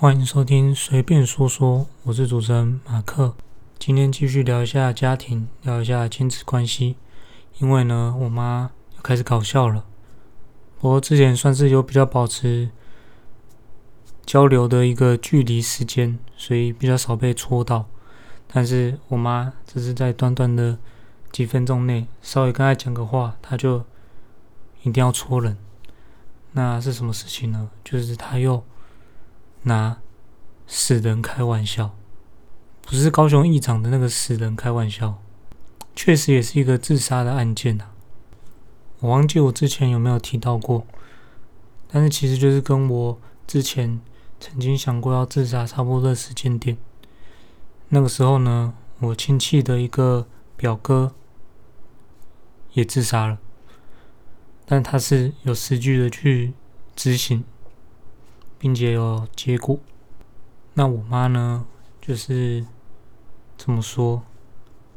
歡迎收聽隨便說說，我是主持人馬克。今天繼續聊一下家庭，聊一下親子關係。因為呢，我媽又開始搞笑了。我之前算是有比較保持交流的一個距離時間，所以比較少被戳到。但是我媽只是在短短的幾分鐘內，稍微跟她講個話，她就一定要戳人。那是什麼事情呢？就是她又拿死人開玩笑，不是高雄議長的那個死人開玩笑，確實也是一個自殺的案件啊。我忘記我之前有沒有提到過，但是其實就是跟我之前曾經想過要自殺差不多的時間點。那個時候呢，我親戚的一個表哥也自殺了，但他是有實據的去執行。並且有結果。那我媽呢，就是怎麼說，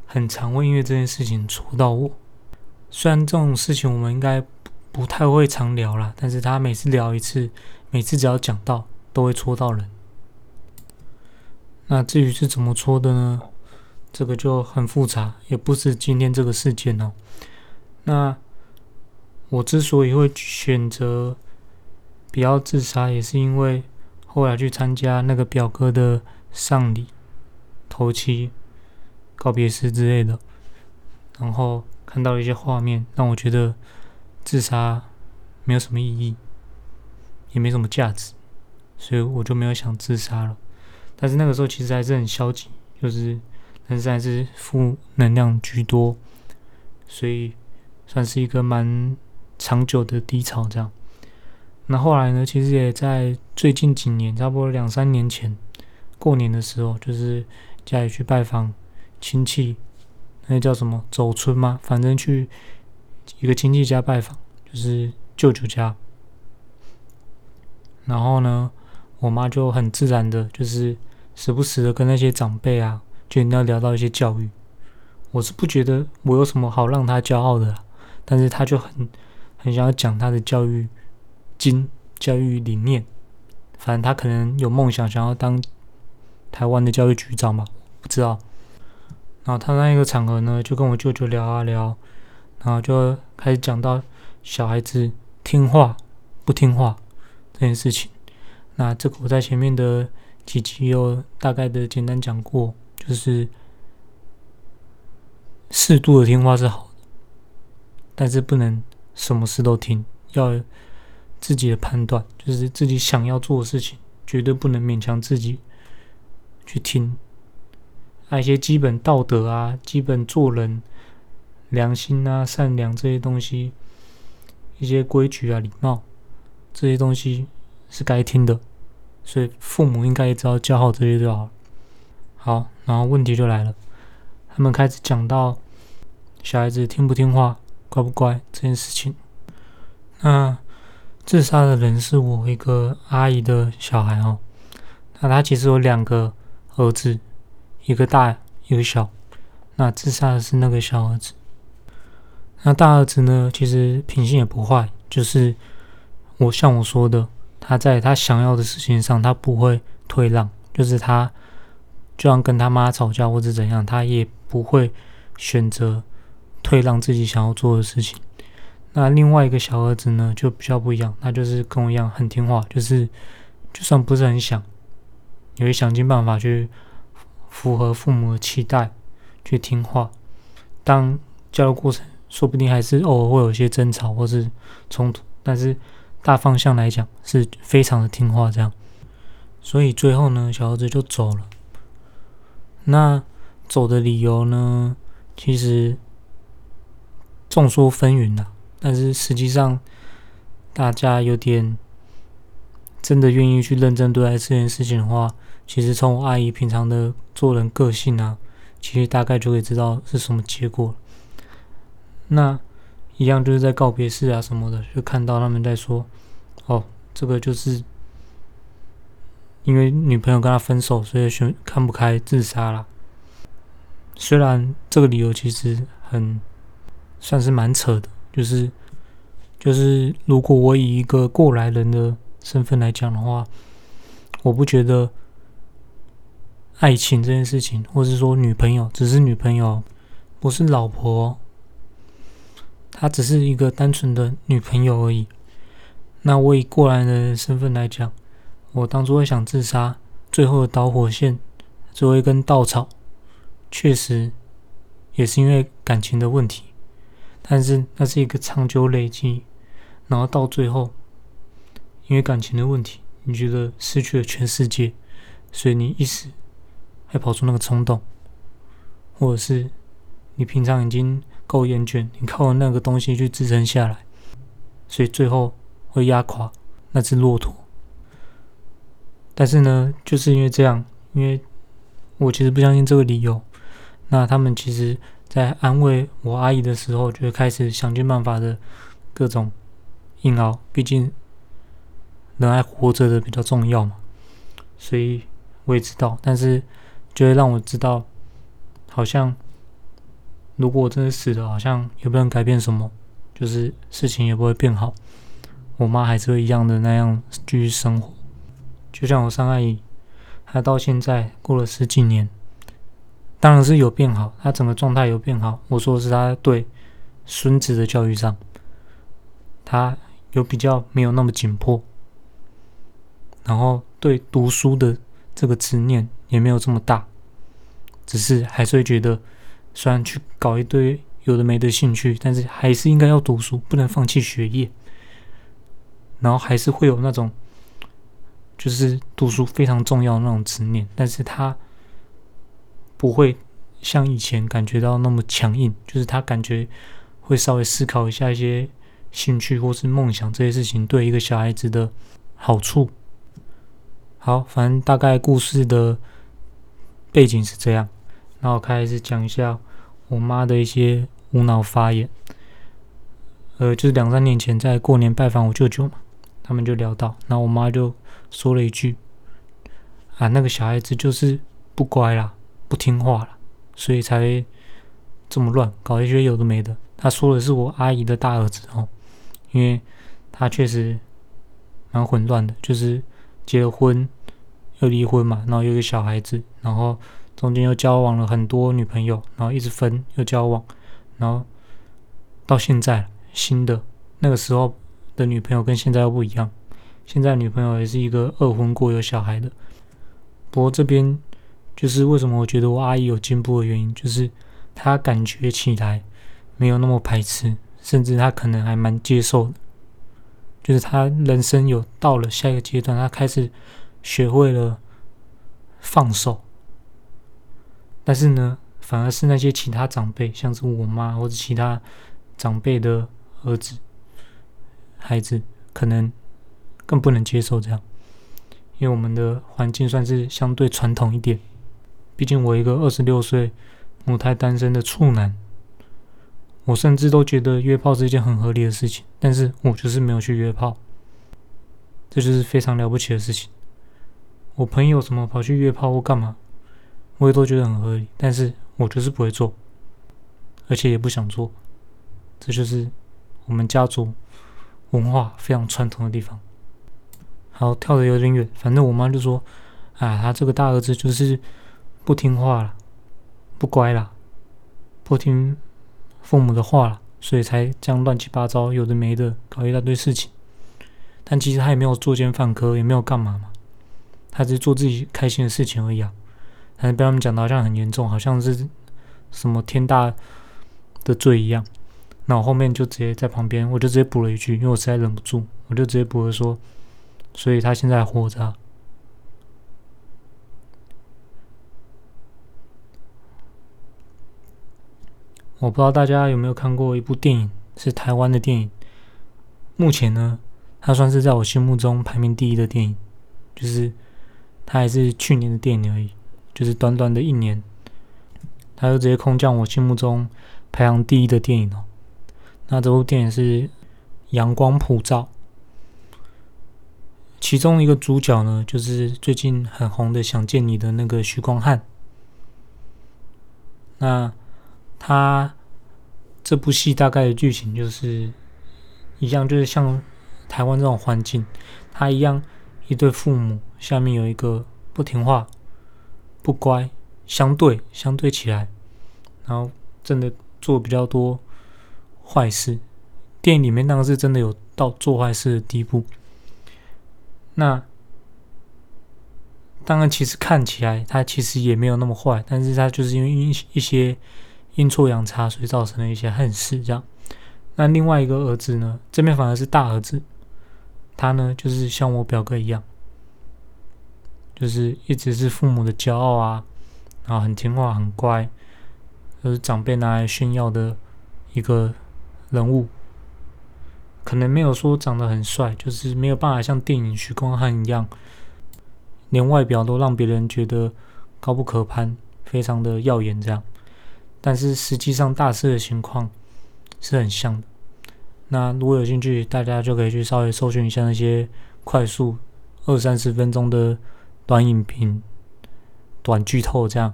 很常會因為這件事情戳到我。雖然這種事情我們應該不，不太會常聊啦，但是她每次聊一次，每次只要講到，都會戳到人。那至於是怎麼戳的呢？這個就很複雜，也不是今天這個事件哦、喔。那我之所以會選擇。不要自殺，也是因為後來去參加那個表哥的喪禮、頭七、告別式之類的，然後看到了一些畫面，讓我覺得自殺沒有什麼意義，也沒什麼價值，所以我就沒有想自殺了。但是那個時候其實還是很消極，就是人生還是負能量居多，所以算是一個蠻長久的低潮，這樣。那後來呢？其實也在最近幾年，差不多兩三年前過年的時候，就是家裡去拜訪親戚，那叫什麼？走村嗎？反正去一個親戚家拜訪，就是舅舅家。然後呢，我媽就很自然的，就是時不時的跟那些長輩啊，就一定要聊到一些教育。我是不覺得我有什麼好讓她驕傲的，但是她就很很想要講她的教育。經教育理念，反正他可能有夢想，想要當台灣的教育局長嘛，不知道。然後他那一個場合呢，就跟我舅舅聊啊聊，然後就開始講到小孩子聽話不聽話這件事情。那這個我在前面的幾集有大概的簡單講過，就是適度的聽話是好的，但是不能什麼事都聽，要。自己的判斷就是自己想要做的事情，絕對不能勉強自己去聽。那一些基本道德啊、基本做人、良心啊、善良這些東西，一些規矩啊、禮貌這些東西是該聽的，所以父母應該也知道教好這些就好了。好，然後問題就來了，他們開始講到小孩子聽不聽話、乖不乖這件事情，那……自殺的人是我一個阿姨的小孩哦，那他其實有兩個兒子，一個大一個小。那自殺的是那個小兒子，那大兒子呢，其實品性也不壞，就是我像我說的，他在他想要的事情上，他不會退讓，就是他就算跟他媽吵架或者怎樣，他也不會選擇退讓自己想要做的事情。那另外一個小兒子呢，就比較不一樣。他就是跟我一樣很聽話，就是就算不是很想，也會想盡辦法去符合父母的期待，去聽話。當交流過程，說不定還是偶爾、哦、會有一些爭吵或是衝突，但是大方向來講是非常的聽話，這樣。所以最後呢，小兒子就走了。那走的理由呢，其實眾說紛紜吶、啊。但是實際上，大家有點真的願意去認真對待這件事情的話，其實從我阿姨平常的做人個性啊，其實大概就可以知道是什麼結果。那一樣就是在告別式啊什麼的，就看到他們在說：“哦，這個就是因為女朋友跟他分手，所以就看不開自殺啦。”雖然這個理由其實很，算是蠻扯的。就是，就是，如果我以一個過來人的身份來講的話，我不覺得愛情這件事情，或是說女朋友，只是女朋友，不是老婆，她只是一個單純的女朋友而已。那我以過來人的身份來講，我當初會想自殺，最後的導火線，最後一根稻草，確實也是因為感情的問題。但是那是一個長久累積，然後到最後，因為感情的問題，你覺得失去了全世界，所以你一時還跑出那個衝動，或者是你平常已經夠厭倦，你靠那個東西去支撐下來，所以最後會壓垮那隻駱駝。但是呢，就是因為這樣，因為我其實不相信這個理由，那他們其實。在安慰我阿姨的時候，就會開始想盡辦法的各種硬熬。畢竟人還活着的比較重要嘛，所以我也知道。但是就會讓我知道，好像如果我真的死了，好像也不能改變什麼，就是事情也不會變好。我媽還是會一樣的那樣繼續生活，就像我三阿姨，她到現在過了十幾年。當然是有變好，他整個狀態有變好。我說的是他對孫子的教育上，他有比較沒有那麼緊迫，然後對讀書的這個執念也沒有這麼大，只是還是會覺得，雖然去搞一堆有的沒的興趣，但是還是應該要讀書，不能放棄學業。然後還是會有那種，就是讀書非常重要的那種執念，但是他。不會像以前感覺到那麼強硬，就是他感覺會稍微思考一下一些興趣或是夢想這些事情對一個小孩子的好處。好，反正大概故事的背景是這樣。那我開始講一下我媽的一些無腦發言。呃，就是兩三年前在過年拜訪我舅舅嘛，他們就聊到，那我媽就說了一句：“啊，那個小孩子就是不乖啦。”不聽話了，所以才這麼亂，搞一些有的沒的。他說的是我阿姨的大兒子哦，因為他確實蠻混亂的，就是結了婚又離婚嘛，然後有一個小孩子，然後中間又交往了很多女朋友，然後一直分又交往，然後到現在新的那個時候的女朋友跟現在又不一樣，現在女朋友也是一個二婚過有小孩的，不過這邊。就是為什麼我覺得我阿姨有進步的原因，就是她感覺起來沒有那麼排斥，甚至她可能還蠻接受的。就是她人生有到了下一個階段，她開始學會了放手。但是呢，反而是那些其他長輩，像是我媽或者其他長輩的兒子、孩子，可能更不能接受這樣，因為我們的環境算是相對傳統一點。畢竟我一個二十六歲母胎單身的處男，我甚至都覺得約炮是一件很合理的事情，但是我就是沒有去約炮，這就是非常了不起的事情。我朋友什麼跑去約炮或幹嘛，我也都覺得很合理，但是我就是不會做，而且也不想做，這就是我們家族文化非常傳統的地方。好，跳的有點遠，反正我媽就說，啊，她這個大兒子就是。不聽話了，不乖了，不聽父母的話了，所以才這樣亂七八糟，有的沒的，搞一大堆事情。但其實他也沒有作奸犯科，也沒有幹嘛嘛，他只是做自己開心的事情而已啊。但是被他們講到好像很嚴重，好像是什麼天大的罪一樣。那我後面就直接在旁邊，我就直接補了一句，因為我實在忍不住，我就直接補了說，所以他現在還活著啊。我不知道大家有沒有看過一部電影，是台灣的電影。目前呢，它算是在我心目中排名第一的電影，就是它還是去年的電影而已，就是短短的一年，它就直接空降我心目中排行第一的電影了。那這部電影是《陽光普照》，其中一個主角呢，就是最近很紅的《想見你》的那個許光漢，那。他這部戲大概的劇情就是一樣，就是像台灣這種環境，他一樣一對父母下面有一個不聽話、不乖，相對相對起來，然後真的做比較多壞事。電影裡面那個是真的有到做壞事的地步。那當然，其實看起來他其實也沒有那麼壞，但是他就是因為一一些。陰錯陽差，所以造成了一些恨事。這樣，那另外一個兒子呢？這邊反而是大兒子，他呢就是像我表哥一樣，就是一直是父母的驕傲啊，然後很聽話、很乖，就是長輩拿來炫耀的一個人物。可能沒有說長得很帥，就是沒有辦法像電影許光漢一樣，連外表都讓別人覺得高不可攀，非常的耀眼。這樣。但是實際上，大緻的情況是很像的。那如果有興趣，大家就可以去稍微搜尋一下那些快速二三十分鐘的短影評、短劇透這樣，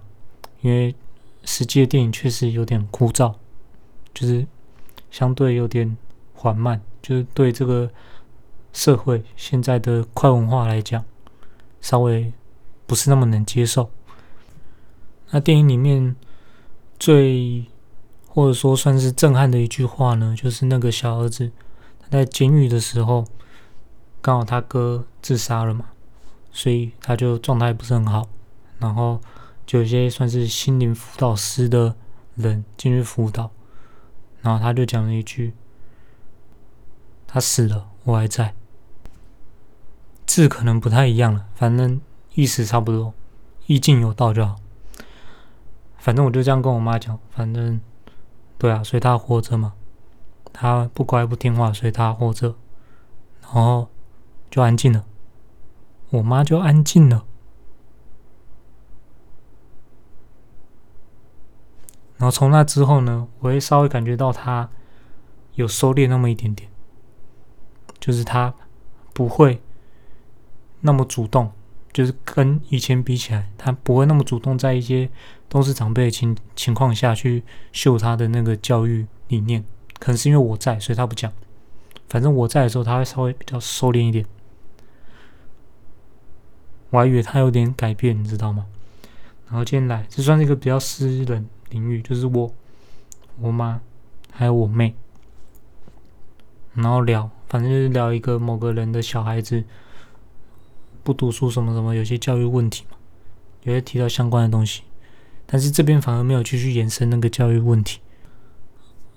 因為實際的電影確實有點枯燥，就是相對有點緩慢，就是對這個社會現在的快文化來講，稍微不是那麼能接受。那電影裡面。最或者說算是震撼的一句話呢，就是那個小兒子他在監獄的時候，剛好他哥自殺了嘛，所以他就狀態不是很好，然後就有些算是心靈輔導師的人進去輔導，然後他就講了一句：“他死了，我還在。”字可能不太一樣了，反正意思差不多，意境有道就好。反正我就這樣跟我媽講，反正，對啊，隨他活着嘛，他不乖不聽話，隨他活着，然後就安靜了，我媽就安靜了，然後從那之後呢，我會稍微感覺到他有收斂那麼一點點，就是他不會那麼主動。就是跟以前比起來，他不會那麼主動，在一些都是長輩的情情況下去秀他的那個教育理念，可能是因為我在，所以他不講。反正我在的時候，他會稍微比較收斂一點。我還以為他有點改變，你知道嗎？然後今天來，這算是一個比較私人領域，就是我、我媽還有我妹，然後聊，反正就是聊一個某個人的小孩子。不讀書什麼什麼，有些教育問題嘛，有些提到相關的東西，但是這邊反而沒有繼續延伸那個教育問題，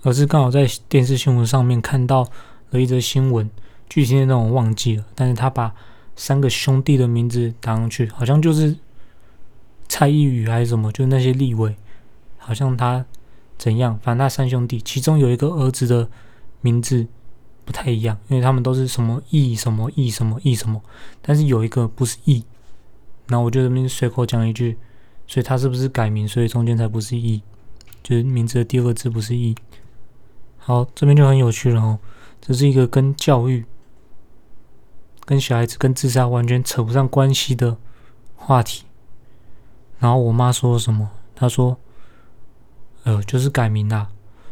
而是剛好在電視新聞上面看到了一則新聞，具體內容我忘記了，但是他把三個兄弟的名字打上去，好像就是蔡易餘還是什麼，就是、那些立委，好像他怎樣，反正他三兄弟其中有一個兒子的名字，不太一樣，因為他們都是什麼易什麼易什麼易什麼，但是有一個不是易。然後我就這邊隨口講一句，所以他是不是改名？所以中間才不是易，就是名字的第二個字不是易。好，這邊就很有趣了哦，這是一個跟教育、跟小孩子、跟自殺完全扯不上關係的話題。然後我媽說什麼？她說：“呃，就是改名啦，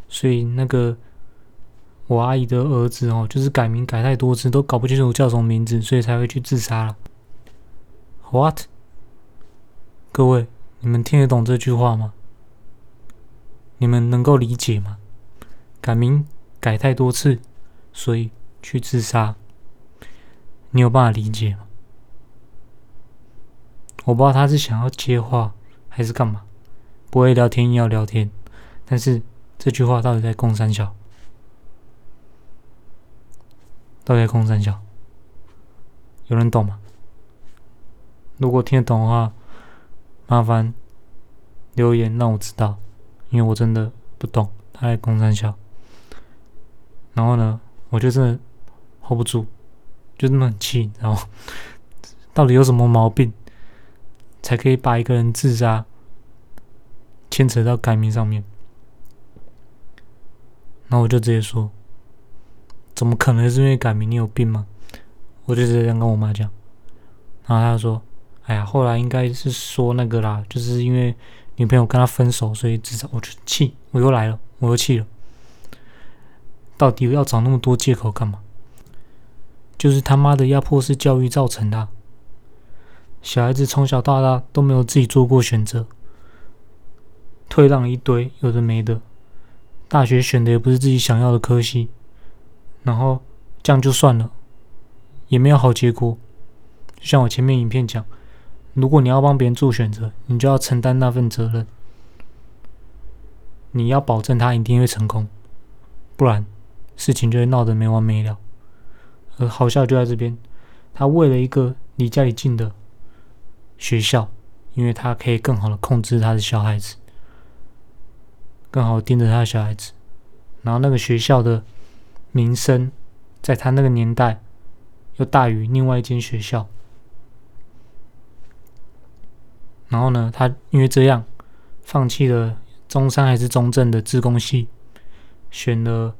所以那個。”我阿姨的兒子哦，就是改名改太多次，都搞不清楚叫什麼名字，所以才會去自殺了。What？各位，你們聽得懂這句話嗎？你們能夠理解嗎？改名改太多次，所以去自殺。你有辦法理解嗎？我不知道他是想要接話還是幹嘛，不會聊天也要聊天，但是這句話到底在供三小？他在講三小，有人懂嗎？如果聽得懂的話，麻煩留言讓我知道，因為我真的不懂他在講三小。然後呢，我就是 hold 不住，就這麼很氣，然後到底有什麼毛病，才可以把一個人自殺牽扯到改名上面？那我就直接說。怎麼可能是因為改名？你有病嗎？我就直接跟我媽講，然後她就說：“哎呀，後來應該是說那個啦，就是因為女朋友跟他分手，所以至少我就氣，我又來了，我又氣了。到底要找那麼多借口幹嘛？就是他媽的壓迫式教育造成的啊。小孩子從小到大都沒有自己做過選擇，退讓一堆，有的沒的。大學選的也不是自己想要的科系。”然後這樣就算了，也沒有好結果。就像我前面影片講，如果你要幫別人做選擇，你就要承擔那份責任。你要保證他一定會成功，不然事情就會鬧得沒完沒了。而好笑就在這邊，他為了一個離家裡近的學校，因為他可以更好的控制他的小孩子，更好的盯着他的小孩子，然後那個學校的。名聲在他那個年代又大於另外一間學校。然後呢，他因為這樣放棄了中山還是中正的資工系，選了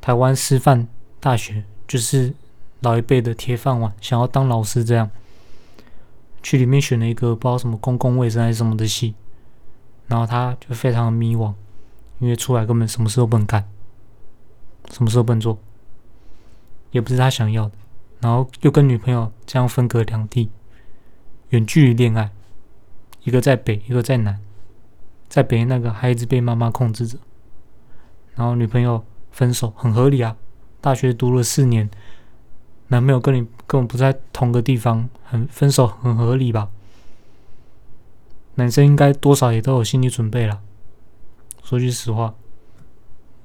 台灣師範大學，就是老一輩的鐵飯碗，想要當老師這樣。去裡面選了一個不知道什麼公共衛生還是什麼的系，然後他就非常的迷惘，因為出來根本什麼事都不能幹。什麼時候搬走？也不是他想要的。然後又跟女朋友這樣分隔兩地，遠距離戀愛，一個在北，一個在南，在北那個還一直被媽媽控制着。然後女朋友分手很合理啊！大學讀了四年，男朋友跟你根本不在同個地方很，很分手很合理吧？男生應該多少也都有心理準備了。說句實話。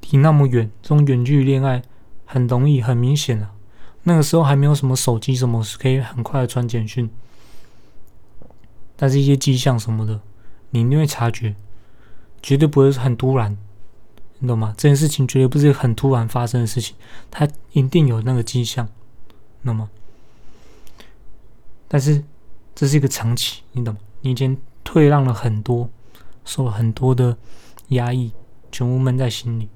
離那麼遠，這種遠距離戀愛很容易，很明顯啊，那個時候還沒有什麼手機，什麼可以很快的傳簡訊，但是一些跡象什麼的，你一定會察覺，絕對不會是很突然，你懂嗎？這件事情絕對不是很突然發生的事情，它一定有那個跡象，你懂嗎？但是這是一個長期，你懂嗎？你已經退讓了很多，受了很多的壓抑，全部悶在心裡。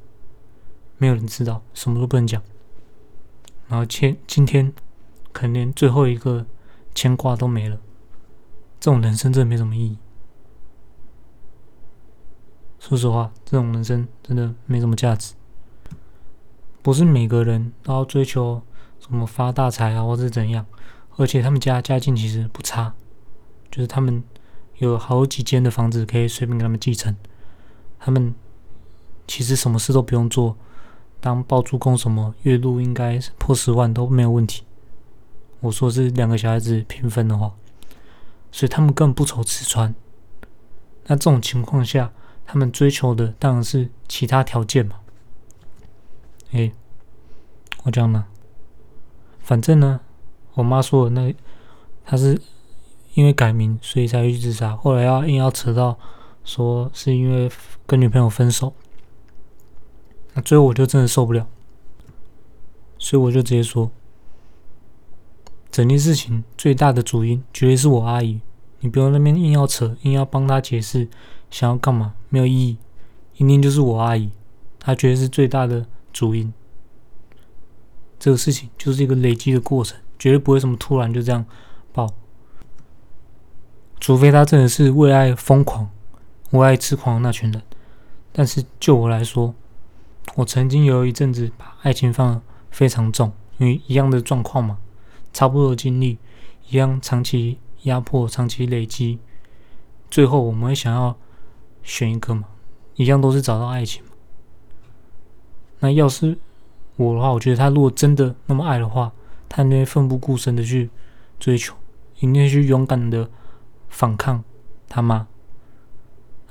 沒有人知道，什麼都不能講。然後，今今天可能連最後一個牽掛都沒了。這種人生真的沒什麼意義。說實話，這種人生真的沒什麼價值。不是每個人都要追求什麼發大財啊，或者是怎樣。而且他們家家境其實不差，就是他們有好幾間的房子可以隨便給他們繼承。他們其實什麼事都不用做。當包租公什麼月入應該破十萬都沒有問題。我說是兩個小孩子平分的話，所以他們更不愁吃穿。那這種情況下，他們追求的當然是其他條件嘛。誒、欸，我講嘛，反正呢，我媽說的那個、她是因為改名所以才會自殺，後來要硬要扯到說是因為跟女朋友分手。那最後我就真的受不了，所以我就直接說，整件事情最大的主因絕對是我阿姨。你不用那邊硬要扯，硬要幫他解釋，想要幹嘛沒有意義。一定就是我阿姨，她絕對是最大的主因。這個事情就是一個累積的過程，絕對不會什麼突然就這樣爆，除非他真的是為愛瘋狂、為愛痴狂的那群人。但是就我來說，我曾經有一陣子把愛情放得非常重，因為一樣的狀況嘛，差不多的經歷，一樣長期壓迫、長期累積，最後我們會想要選一個嘛，一樣都是找到愛情。那要是我的話，我覺得他如果真的那麼愛的話，他應該奮不顧身的去追求，應該去勇敢的反抗他媽。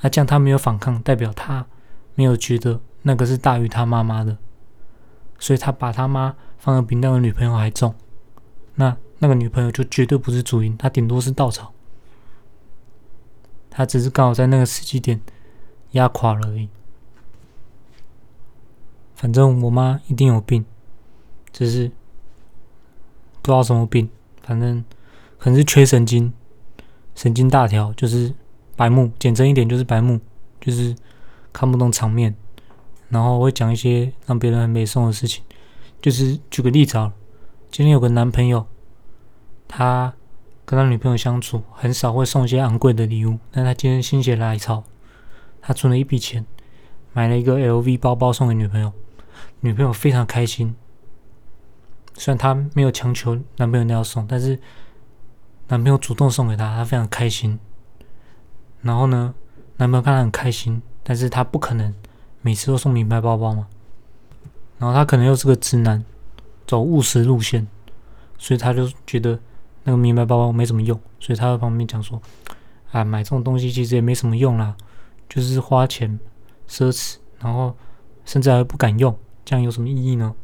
那、啊、這樣他沒有反抗，代表他沒有覺得。那個是大於他媽媽的，所以他把他媽放的比那個女朋友還重。那那個女朋友就絕對不是主因，他頂多是稻草，他只是剛好在那個時機點壓垮了而已。反正我媽一定有病，只是不知道什麼病，反正可能是缺神經，神經大條，就是白目，簡稱一點就是白目，就是看不懂場面。然後我會講一些讓別人很美送的事情，就是舉個例子啊，今天有個男朋友，他跟他女朋友相處很少會送一些昂貴的禮物，但他今天心血來潮，他存了一筆錢，買了一個 LV 包包送給女朋友，女朋友非常開心，雖然他沒有強求男朋友那樣送，但是男朋友主動送給她，她非常開心。然後呢，男朋友看她很開心，但是他不可能。每次都送名牌包包嘛，然後他可能又是個直男，走務實路線，所以他就覺得那個名牌包包沒什麼用，所以他在旁邊講說：“啊，買這種東西其實也沒什麼用啦，就是花錢奢侈，然後甚至還不敢用，這樣有什麼意義呢？”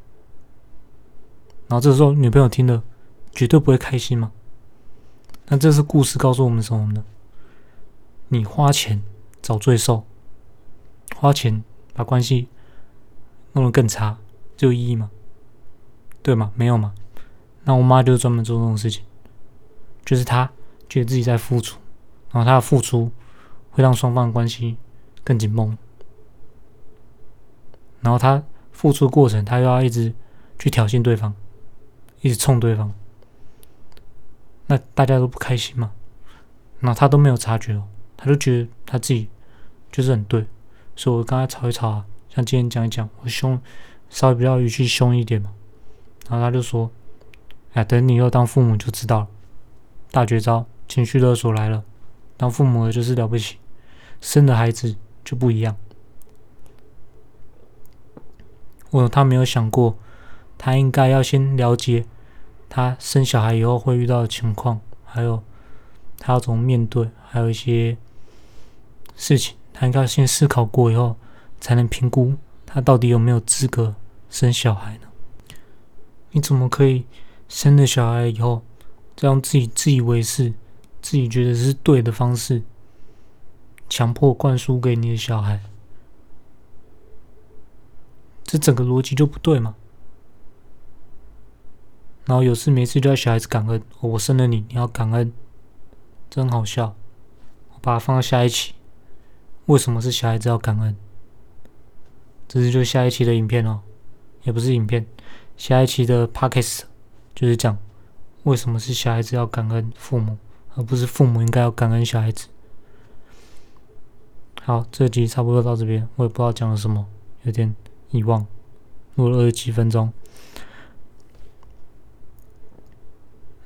然後這個時候女朋友聽了絕對不會開心嘛，那這是故事告訴我們什麼呢？你花錢找罪受，花錢。把關係弄得更差，這有意義嗎？對嗎？沒有嗎？那我媽就專門做這種事情，就是她覺得自己在付出，然後她的付出會讓雙方的關係更緊繃，然後她付出的過程，她又要一直去挑釁對方，一直衝對方，那大家都不開心嘛？然後她都沒有察覺哦，她就覺得她自己就是很對。所以我剛才吵一吵，啊，像今天講一講，我凶，稍微比較語氣凶一點嘛。然後他就說：“哎、啊，等你以後當父母就知道了。”大絕招，情緒勒索來了。當父母的就是了不起，生的孩子就不一樣。我他沒有想過，他應該要先了解他生小孩以後會遇到的情況，還有他要怎麼面對，還有一些事情。他應該先思考過以後，才能評估他到底有沒有資格生小孩呢？你怎麼可以生了小孩以後，再用自己，自以為是、自己覺得是對的方式，強迫灌輸給你的小孩？這整個邏輯就不對嘛。然後有事沒事就要小孩子感恩，哦，我生了你，你要感恩，真好笑！我把它放到下一期。為什麼是小孩子要感恩？這是就下一期的影片哦，也不是影片，下一期的 podcast 就是講為什麼是小孩子要感恩父母，而不是父母應該要感恩小孩子。好，這集差不多到這邊，我也不知道講了什麼，有點遺忘，錄了二十幾分鐘。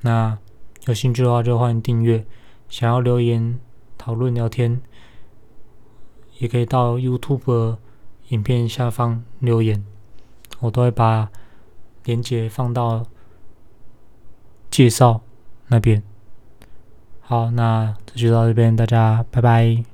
那有興趣的話就歡迎訂閱，想要留言討論聊天，也可以到 YouTube 影片下方留言，我都會把連結放到介紹那邊。好，那這就到這邊，大家拜拜。